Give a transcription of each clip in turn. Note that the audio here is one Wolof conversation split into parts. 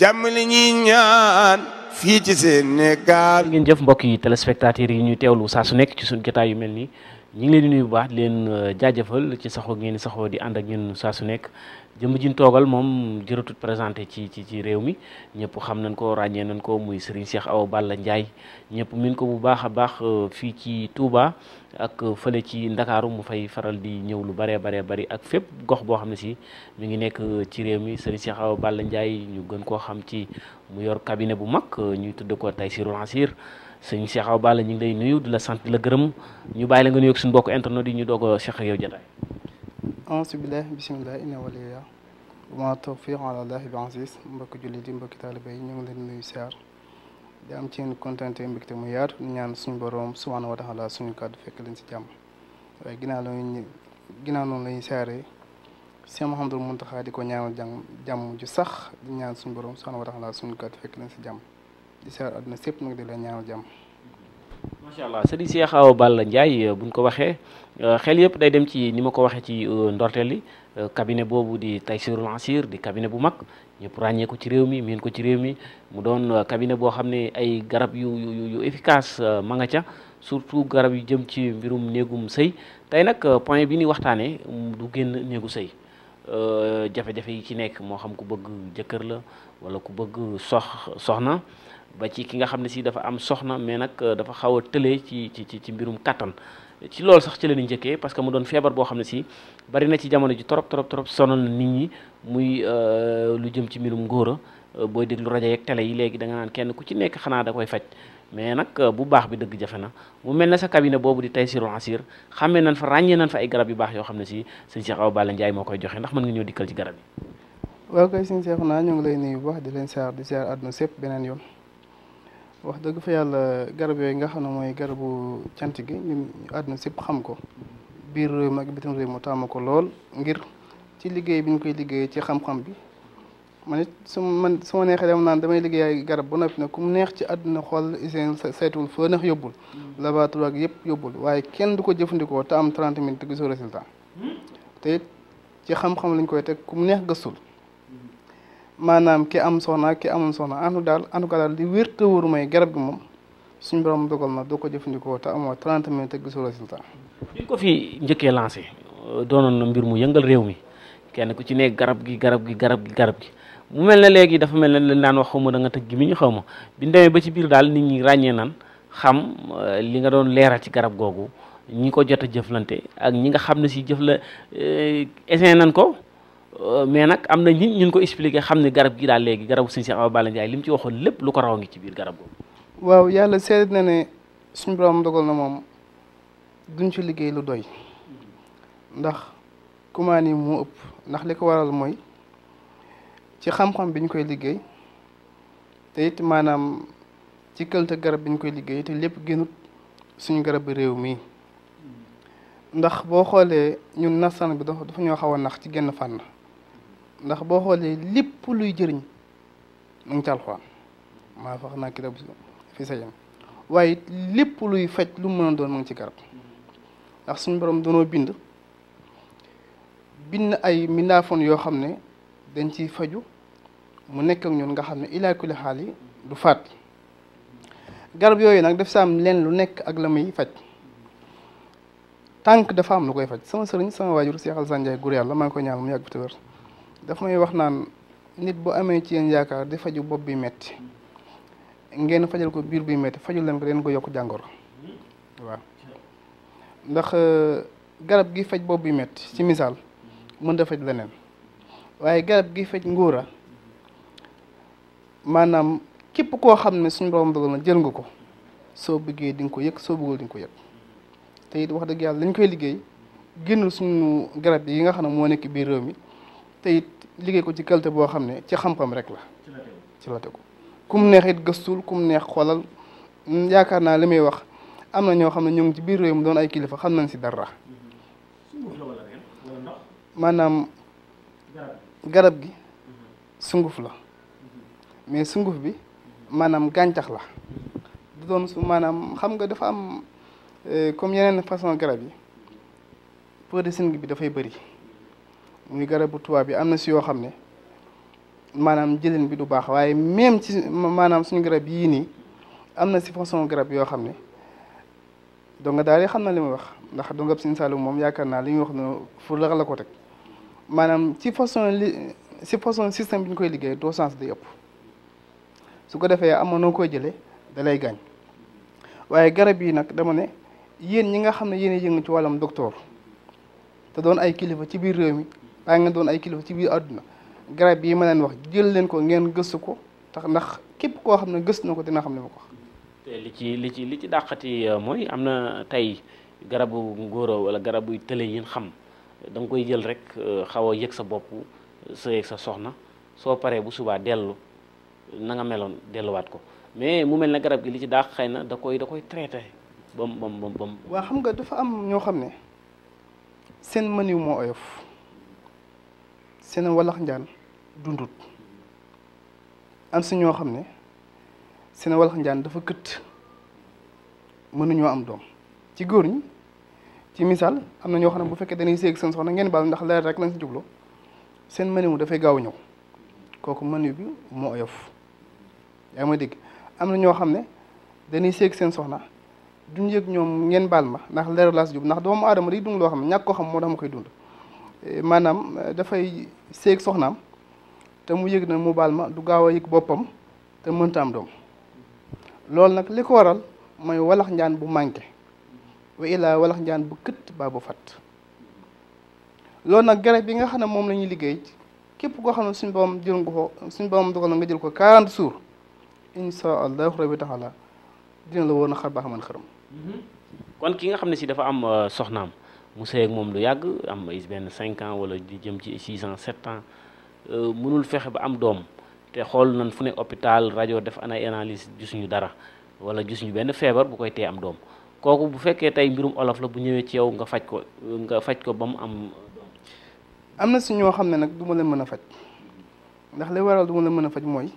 jàmm li ñuy ñaan fii ci Sénégal ngeen jëf mbokk yi téléspectateurs yi ñuy teewlu saa su nekk ci suñu jotaay yu mel nii ñu ngi leen di bu baax di leen euh, jaajëfal ci saxoo ngeen saxoo di ànd ak ñun saa su nekk jëmb jiñ toogal moom jërëtut présenté ci ci ci réew mi ñëpp xam nañ ko ràññee nañ ko muy Serigne Cheikh Awa Balla Ndiaye ñëpp min ko bu baax a baax euh, fii ci Touba ak euh, fële ci Ndakaaru mu fay faral di ñëw lu baree baree bari ak fépp gox boo xam ne si mi ngi nekk euh, ci réew mi Serigne Cheikh Awa Balla Ndiaye ñu gën koo xam ci mu yor cabinet bu mag ñuy tudd ko Taysirul Asir Serigne Cheikh Awa Balla ñu ngi lay nuyu di la sant di la gërëm ñu bàyyi la nga nuyoog suñu mbokk internet yi ñu doog a Cheikh yow jotaay auzu billah bismillah inna waliya ma tawfiq ala llahi bi aziz mbokki jullit yi mbokki taalibe yi ñu ngi leen nuyu siyaar di am ci yéen kontante mbégte mu yaatu ñaan suñu boroom subhaanahu wa taala suñu kàddu fekk leen si jàmm waaye ginnaaw lañu ginnaaw noonu lañuy siyaare Sëñ Mouhamadou Mountakha di ko ñaanal jàmm jàmm ju sax di ñaan suñu boroom subhaanahu wa taala suñu kàddu fekk leen si jàmm di siyaar àdduna sépp nag di la ñaanal jàmm macha allah sëriñ Cheikh bal Balla Ndiaye euh, buñ ko waxee euh, xel yëpp day dem ci ni ma ko waxee ci euh, ndorteel li cabinet boobu di Taysirul Ansir di cabinet bu mag ñëpp ràññee ko ci réew mi miin ko ci réew mi mu doon cabinet boo xam ne ay garab yu yu efficace ma nga ca surtout garab yu jëm ci mbirum néegum sëy tey nag point bi ni waxtaanee mm, du génn néegu sëy jafe-jafe yi ci nekk moo xam ku bëgg jëkkër la wala ku bëgg sox soxna ba ci ki nga xam ne si dafa am soxna mais nak euh, dafa xawa tele ci ci ci mbirum katan ci loolu sax ci lañu jëkke parce que mu doon fièvre bo xam ne si bari na ci jamono ji torop torop torop sonal na nit ñi muy euh lu jëm ci mbirum ngóora euh, booy déglu radio yeeg tele yi léegi da nga naan kenn ku ci nekk xana da koy fajj mais nak euh, bu baax bi dëgg jafena mu mel sa cabinet bobu di tay siru asir xamé nañ fa ragné nañ fa ay garab yu baax yo xam ne si sëñ Cheikh awba la ndjay mo koy joxé ndax mën nga ñoo dikkal ci garab yi waaw koy seigne Cheikh na ñu ngi lay nuyu bu baax di len saar di saar aduna sepp benen yoon wax dëgg fa yàlla garab yooyu nga xam ne mooy garabu cant gi ñun àdduna sépp xam ko biir mag mi ak bitim réew mu tàmm ko lool ngir ci liggéey bi ñu koy liggéey ci xam-xam bi man it su man su neexee dem naan damay liggéey ay garab ba noppi ne ku mu neex ci àdduna xool seen saytuwul foo neex yóbbul hmm. laboratoire ak yëpp yóbbul waaye kenn du ko jëfandikoo te am 30 minutes te gisoo résultat hmm? te ci xam-xam lañ koy teg ku mu neex gëstul maanaam ki am soxna ki amul soxna en tout daal en tout cas daal li wér te wóor mooy garab gi moom suñu borom dogal na doo ko jëfandikoo te amoo 30 minutes te gisoo résultat. bi ko fi njëkkee lancé doonoon na mbir mu yëngal réew mi kenn ku ci ne garab gi garab gi garab gi garab gi mu mel ne léegi dafa mel ne lañ naan wax xaw ma da nga tëj gi mi ñu xaw ma bi ñu ba ci biir daal nit ñi ràññee nan xam euh, li nga doon leeral ci garab googu ñi ko jot a jëflante ak ñi nga xam ne si jëf la euh, essayé ko. Euh, mais nag am na ñun ñun ko expliqué xam ne garab gi daal léegi garabu suñu Cheikh Awa Balla Ndiaye li mu ci waxoon lépp lu ko raw ngi ci biir garab boobu. waaw yàlla seet na ne suñ borom dogal na moom duñ ci liggéey lu doy ndax kumaan mu ëpp ndax li ko waral mooy ci xam-xam bi ñu koy liggéey te it maanaam ci këlte garab bi ñu koy liggéey te lépp génnut suñu garab bi réew mi ndax boo xoolee ñun nasaan bi dafa dafa ñoo xaw a nax ci genn fànn. ndax boo xoolee lépp luy jëriñ mu ngi ci alxuraan maa fax naa kitaab fi sa waaye lépp luy faj lu mën a doon mu ngi ci garab ndax suñ borom danoo bind bind ay mindaafoon yoo xam ne dañ ciy faju mu nekk ak ñun nga xam ne ilaa kulli xaal yi du faat garab yooyu nag def sa am leen lu nekk ak la muy faj tànk dafa am lu koy faj sama sëriñ sama waajur Cheikh Alassane Ndiaye góor yàlla maa ngi koy ñaan mu yàgg fi te wér daf may wax naan nit bu amee ci yéen yaakaar di faju bopp bi metti ngeen fajal ko biir bi metti fajul leen ko leen ko yokk jàngoro waaw ndax euh, garab gi faj bopp bi metti ci misaal mën da faj leneen waaye garab gi faj ngóora maanaam képp koo xam ne suñ borom dogal na jël nga ko soo bëggee di nga ko yëg soo bëggul di nga ko yëg te it wax dëgg yàlla lañ koy liggéey génnul suñu garab yi nga xam ne moo nekk biir réew mi te it liggéey ko ci qualité boo xam ne ci xam-xam rek la ci la tegu kum neex it gëstul kum neex xoolal mm, yaakaar naa li may wax am na ñoo xam ne ñoo ngi ci biir réew mi doon ay kilifa xam nañ si dara maanaam garab gi mhm. sunguf la mhm. mais sunguf bi maanaam gàncax la du doon su maanaam xam nga dafa am euh, comme yeneen façon garab yi produit bi dafay bëri muy garabu tubaab bi am na si yoo xam ne maanaam jëlin bi du baax waaye même ci maanaam suñu garab yii nii am na si façon garab yoo xam ne donc nga daal di xam na li ma wax ndax dongab Sëñ Saliou moom yaakaar naa li wax noonu fu la ko teg maanaam ci façon li si façon système bi ñu koy liggéey doo dosage day ëpp su ko defee amoon noo koy jëlee da lay gaañ waaye garab yi nag dama ne yéen ñi nga xam ne yéen a yëngu ci wàllam docteur te doon ay kilifa ci biir réew mi waaye nga doon ay kilifa ci biir àdduna garab yi ma leen wax jël leen ko ngeen gësu ko tax ndax képp koo xam ne gëstu na ko dina xam ne ma ko li ci li ci li ci dàqati euh, mooy am na tey garabu ngóoro wala garabu tële yi xam da nga koy jël rek euh, xaw a sa bopp sa yëg sa soo paree bu subaa dellu na nga meloon delluwaat ko mais mu mel ne garab gi li ci dàq xëy na da koy da koy traité bam bam bam bam. xam nga dafa am ñoo xam ne seen mën yu moo oyof. seen walax njaan dundut am si ñoo xamne ne seen walax njaan dafa kët mënuñoo am doom ci góor ñi ci misal am na ñoo xamne bu fekke dañuy séeg seen soxna ngeen bal ndax leer rek lañ si jublu seen mënewu dafay gaaw ñëw koku mënew bi mo oyof ya ma dig am na ñoo xamne dañuy séeg seen soxna duñ yek ñoom ngeen bal ma ndax leer laa djub ndax doomu adam day dung lo xamne ñak ko xam mo dama koy dund Eh, maanaam eh, dafay séeg soxnaam te mu yëg na mu baal ma du gaaw a yëg boppam te mënta am doom loolu nag li ko waral mooy walax njaan bu manqué wa illaa walax njaan bu kët baa bu fat loolu nag garab yi nga xam ne moom la ñuy liggéey képp koo xam ne suñ borom jël nga ko suñu borom dogal na nga jël ko 40 jours insha allahu rabi taala dina la woon a xar baa xaman xërëm mhm. kon ki nga xam ne si dafa am euh, soxnaam mu sëy moom lu yàgg am ay benn cinq ans wala di jëm ci six ans sept ans mënul fexe ba am doom te xool nañ fu ne hôpital rajo def ana analyse gisuñu dara wala gisuñu benn feebar bu koy tee am doom kooku bu fekkee tey mbirum olof la bu ñëwee ci yow nga faj ko nga faj ko ba mu am. am na si ñoo xam ne nag duma ma leen mën a faj ndax li waral du ma leen mën a faj mooy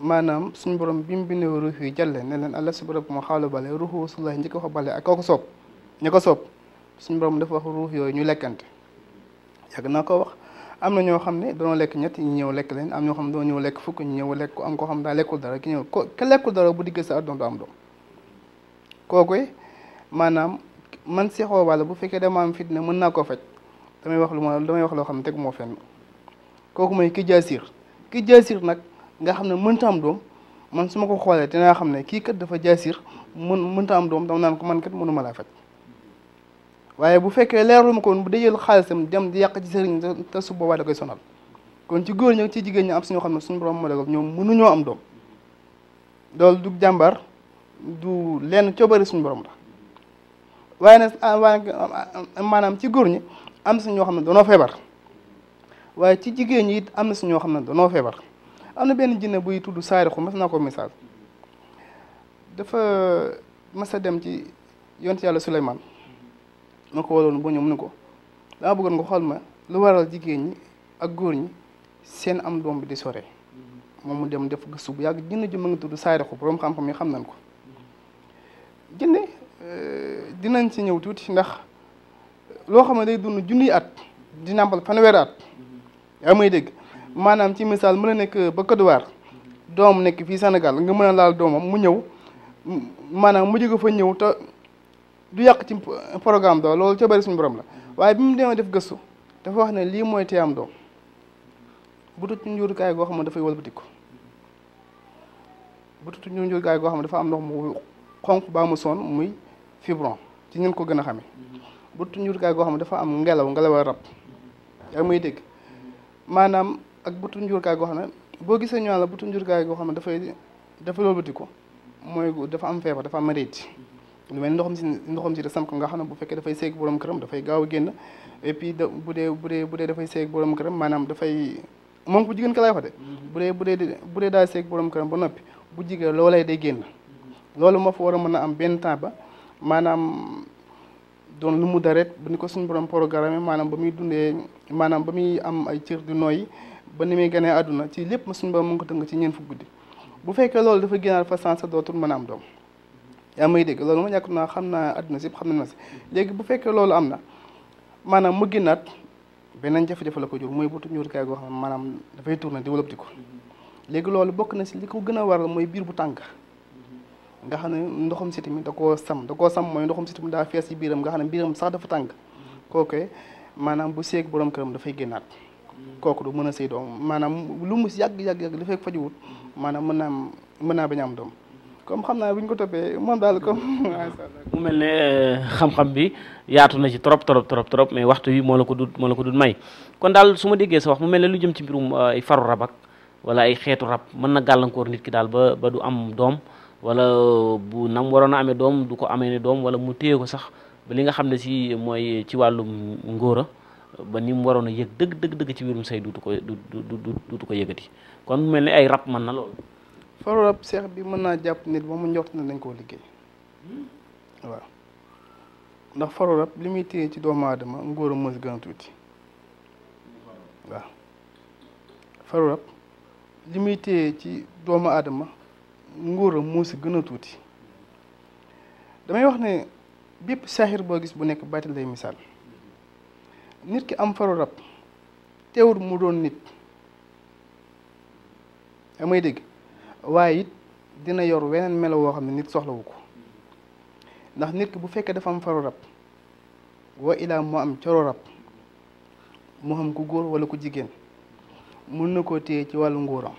maanaam suñu borom bi mu bindee ruux yi jàlle ne leen àlla si borom ma xaalu bale ruuxu wasulaahi njëkk ko ak kooku soob. ñu ko soob suñ borom dafa wax ruux yooyu ñu lekkante yàgg naa ko wax am na ñoo xam ne dañoo lekk ñett ñu ñëw lekk leen am ñoo xam ne dañoo ñëw lekk fukk ñu ñëw lekk ko am koo xam daa lekkul dara ki ñëw ko ke lekkul dara bu diggee sa àdduna du am doom kooku maanaam man si xoobaale bu fekkee dama am fitna mën naa koo faj damay wax lu ma wax loo xam ne tegu moo fenn kooku mooy ki jaasir ki jaasir nag nga xam ne mënta am doom man su ma ko xoolee dinaa xam ne kii kat dafa jaasir mën mënta am doom dama naan ko man kat mënuma laa faj waaye bu fekkee leerul ma ko bu dee jël xaalisam dem di yàq ci sëriñ te su boobaa da koy sonal kon ci góor ñi ci jigéen ñi am si ñoo xam ne suñu borom moo dogal ñoom mënuñoo am doom loolu du jàmbar du lenn coobare suñu borom ah, waaye nag maanaam ci góor ñi am si ñoo xam ne danoo feebar waaye ci jigéen ñi it am na si ñoo xam ne danoo feebar am na benn jinne buy tudd saarixu mas naa ko message dafa mas a dem ci yoon yonent yàlla Suleymaan na ko waloon boo ñëw mu ne ko daa bëggoon nga xool ma lu waral jigéen ñi ak góor ñi seen am doom bi di sore moom mu dem def gëstu bu yàgg jënd ji ma ngi tudd saayra ko borom xam-xam yi xam nañ ko jënde euh, dinañ ci ñëw tuuti ndax loo xam ne day dund junniy at di nàmpal fanweeri at yaa may dégg maanaam ci misaal mën a nekk ba Côte d'Ivoire doom nekk fii Sénégal nga mën a laal doomam mu ñëw maanaam mu jóge fa ñëw te du yàq ci programme doom loolu ca bëri suñu borom la waaye bi mu demee def gëstu dafa wax ne lii mooy teyaam doom bututu njurukaay goo xam ne dafay walbatiku bututu njurukaay goo xam ne dafa am ndox mu xonq baa mu sonn muy fibron ci ñun ko gën a xamee bututu njurukaay goo xam ne dafa am ngelaw ngelawal rab yaa muy dégg maanaam ak bututu njurukaay goo xam ne boo gisee ñu la bututu njurukaay goo xam ne dafay dafay walbatiku mooy dafa am feebar dafa am maladie lu mel ndox ci si ndoxam si da samp nga xam bu fekke da fay seek borom da fay gaaw genn et puis da bu dee bu dee bu dee dafay seeg borom këram maanaam dafay moom bu jigéen ka lay waxate mm-hmm. bu dee bu dee bu dee daa seeg borom kërëm ba nopi bu jigé lolay day genn mm-hmm. lolou ma fa wara mëna am ben temps ba manam don lu mu daret bu ni ko suñu borom programme manam bamuy dundé manam bamuy am ay ciir du noy ba ni gané aduna ci lepp ma suñu borom mo ko teung ci ñeent fu guddi bu lolou da fa gënal fa sens dootul mën am doom yaa may dégg loolu ma ñàkk naa xam naa àddina si yëpp xam na si léegi bu fekkee loolu am na maanaam mu gënaat beneen jafe-jafe la ko jur mooy butu ñuul kaay goo xam ne maanaam dafay tourné développé ko léegi loolu bokk na si li ko gën a waral mooy biir bu tàng nga xam ne ndoxum siti mi da koo sam da koo sam mooy ndoxum siti mi daa fees si biiram nga xam ne biiram sax dafa tàng kooku maanaam bu seeg borom këram dafay génnaat kooku du mën a sëy maanaam lu mu yàgg yàgg yàgg dafay fajuwut maanaam mën naa mën bañ am doom comme xam naa bu ñu ko toppee moom daal comme mu mel ne euh, xam-xam bi yaatu na ci trop trop trop trop mais waxtu yi moo la ko du moo la ko dul may kon daal su ma déggee sa wax mu mel ne lu jëm ci mbirum euh, ay faru rab ak wala ay xeetu rab mën na gàllankoor nit ki daal ba ba du am doom wala euh, bu nam waroon a amee doom du ko amee ne doom wala mu téye ko sax ba li nga xam ne si mooy ci wàllum ngóora ba ni mu waroon a yëg dëgg dëgg dëgg ci biirum say duutu ko du du ko yëgati kon mu mel ne ay farol ab seex bi mën naa jàpp nit ba mu njort nañ koo liggéey waaw ndax farol li muy téye ci doomu aadama ngóor a mës gën a li muy téye ci doomu aadama ngóor moo si gën a tuuti damay wax ne bépp saaxir boo gis bu nekk baatil lay misaal nit ki am faru rab mu doon nit may dégg waaye it dina yor weneen melo woo xam ne nit soxlawu ko ndax nit ki bu fekkee dafa am faru rab wa ilaa moo am coro rab mu xam ku góor wala ku jigéen mën na koo téye ci wàllu nguuram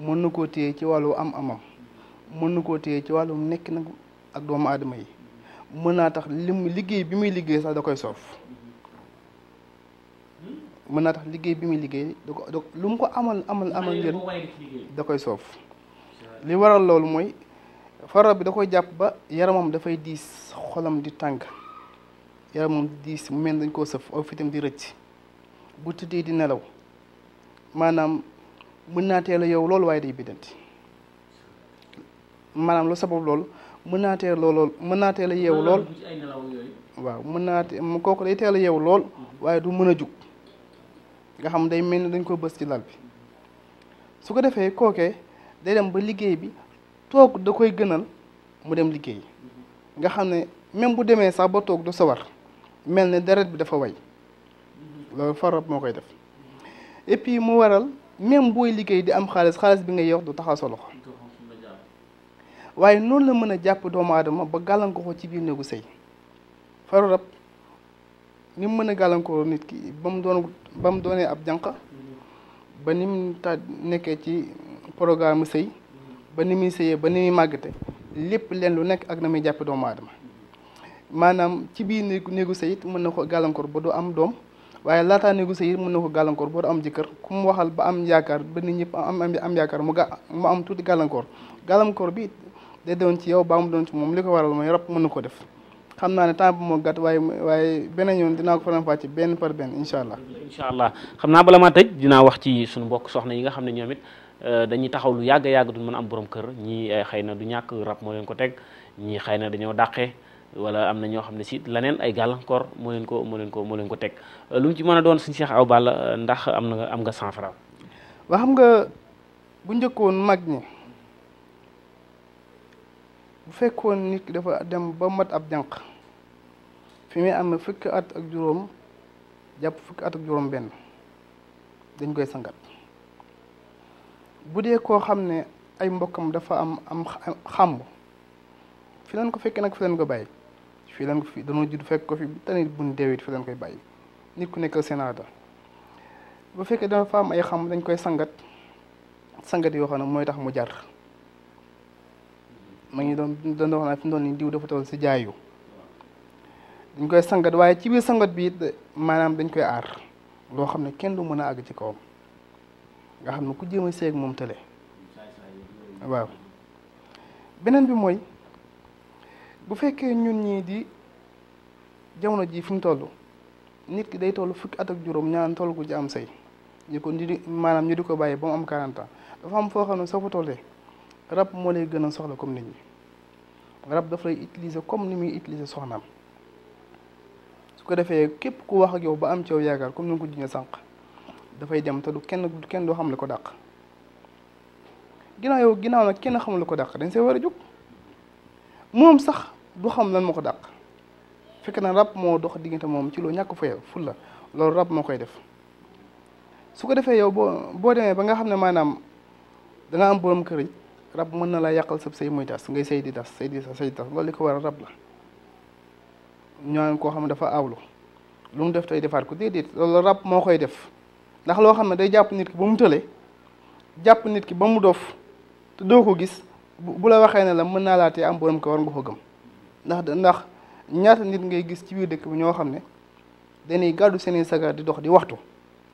mën na koo téye ci wàllu am-amam mën na koo téye ci wàllu nekk nag ak doomu aadama yi mën naa tax lim liggéey bi muy liggéey sax da koy sof. mën naa tax liggéey bi muy liggéey da ko lu mu ko amal amal amal njëriñ da koy soof li waral loolu mooy feebar bi da koy jàpp ba yaramam dafay diis xolam di tàng yaramam di diis mu dañ koo sëf aw fitam di rëcc bu tëddee di nelaw maanaam mën naa teel a yow loolu waaye day biddanti maanaam lu sabab loolu mën lool mën naa teel a yeewu lool waaw mën naa te kooku day teel a yeewu lool mm-hmm. waaye du mën a jug nga xam day mel ni dañ ko bës ci lal bi su ko defee kookee day dem ba liggéey bi toog da koy gënal mu dem liggéey nga xam ne même bu demee sax ba toog du sawar mel ne deret bi dafa way loolu farab moo koy def et puis mu waral même booy liggéey di am xaalis xaalis bi ngay yox du taxaw sa loxo waaye noonu la mën a jàpp doomu aadama ba gàllankoor ko ci biir néegu sëy faru ni mu mën a gàllankoor nit ki ba mu doon ba mu doonee ab jànq ba ni mu ta nekkee ci programme sëy ba ni muy sëyee ba ni muy màggate lépp leen lu nekk ak na muy jàppe doomu aadama maanaam ci biir néegu néegu sëy it mën na ko gàllankoor ba du am doom waaye laataa néegu sëy it mën na ko gàllankoor boo du am jëkkër ku mu waxal ba am yaakaar ba nit ñëpp am am yaakaar mu ga mu am tuuti gàllankoor gàllankoor bi de doon ci yow baa mu doon ci moom li ko waral mooy rab mën na ko def xam naa ne temps bi moo gàtt waaye waaye beneen yoon dinaa ko faram-fàcce benn par benn incha allah. incha yi nga xam ne ñoom euh, dañuy taxaw lu yàgg yàgg duñ am borom kër euh, xëy na du ñàkk rab moo leen ko teg ñii xëy na dañoo dàqee wala am na ñoo xam ne si leneen ay gàllankoor moo leen ko moo leen ko moo leen ko teg euh, lu ci mën a doon suñu Cheikh Awa Balla ndax am na am nga cent francs. waa xam nga bu njëkkoon mag ñi. bu fekkoon nit ki dafa dem ba mat ab jànq fi muy am fukki at ak juróom jàpp fukki at ak juróom benn dañ koy sangat bu dee koo xam ne ay mbokkam dafa am am xàmb fi leen ko fekkee nag fi leen ko bàyyi fi leen ko fi dañoo judd fekk ko fi tanit buñ deewit fi leen koy bàyyi nit ku nekk seen aada bu fekkee dafa am ay xam dañ koy sangat sangat yoo xam ne mooy tax mu jar ma ngi doon doon wax naa fi mu doon nii diw dafa toll si jaayu koy sangat waaye ci biir sangat bi it maanaam dañ koy aar loo xam ne kenn du mën a àgg ci kawam nga xam ne ku jéem a seeg moom tële waaw beneen bi mooy bu fekkee ñun ñii di jamono ji fi mu toll nit ki day tollu fukk at ak juróom ñaan toll gu ci am say ñu ko di maanaam ñu di ko bàyyi ba mu am 40 dafa am foo xam ne soo fa tollee rab moo lay gën a soxla comme nit mi rab daf lay utiliser comme ni muy utiliser soxnaam su ko defee képp ku wax ak yow ba am ci yaakaar comme ni nga ko jiñee sànq dafay dem te du kenn du kenn doo xam la ko dàq ginnaaw yow ginnaaw nag kenn xamul la ko dàq dañ see war a jóg moom sax du xam lan moo ko dàq fekk na rab moo dox diggante moom ci loo ñàkk fay ful la loolu rab moo koy def su ko defee yow boo boo demee ba nga xam ne maanaam da am borom kër rab mën na la yàqal sab sëy muy tas ngay sëy di tas sëy di tas sëy di tas loolu li ko waral rab la ñaan koo xam dafa awlu lu mu def tey defaat ko déedéet loolu rab moo koy def ndax loo xam ne day jàpp nit ki ba mu tële jàpp nit ki ba mu dof te doo ko gis bu la waxee ne la mën naa laa tee am borom ko war nga ko gëm ndax ndax ñaata nit ngay gis ci biir dëkk bi ñoo xam ne dañuy gàddu seeni sagar di dox di waxtu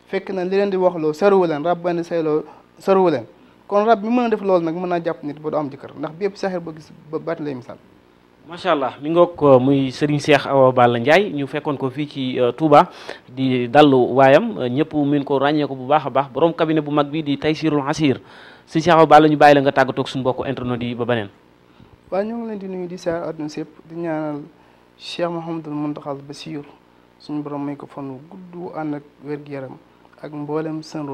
fekk na li leen di waxloo saruwu leen rab benn sayloo saruwu leen kon rab bi mën def lool nak mën japp nit bu do am jëkër ndax bëpp saxir ba gis ba bat lay misaal macha allah mi ngok euh, muy Serigne Cheikh Awa Balla ndjay ñu fekkon ko fi ci euh, Touba di dalu wayam euh, ñepp min ko ragne ko bu baaxa baax borom cabinet bu mag bi di Taysirul Asir si Cheikh Awa Balla ñu bayila nga tàggatoo tok suñu bokk internet di ba beneen. wa ñu ngi leen di nuyu di sa adun sepp di ñaanal Cheikh Mouhamadul muntakhal basir suñu borom may ko fonu gudd ànd ak wér yaram ak mboolem seen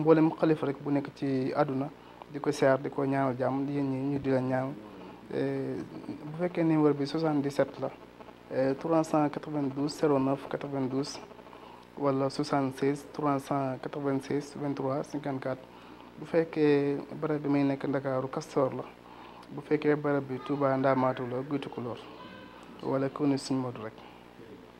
mboolem xalifa rek bu nekk ci àdduna di ko seer di ko ñaaw jàmm yéen ñi ñu di la ñaan eh, bu fekkee ni numéro bi 77 la 392 09 92 wala 76 396 23 54 bu fekkee barab bi may nekk Ndakaaru Castor la bu fekkee barab bi Touba Ndamatou la Guy Tukulóor wala Kër Sëñ rek.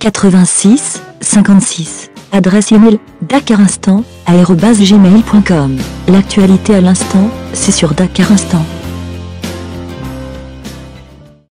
86 56. Adresse email gmail.com L'actualité à l'instant, c'est sur Dakar Instant.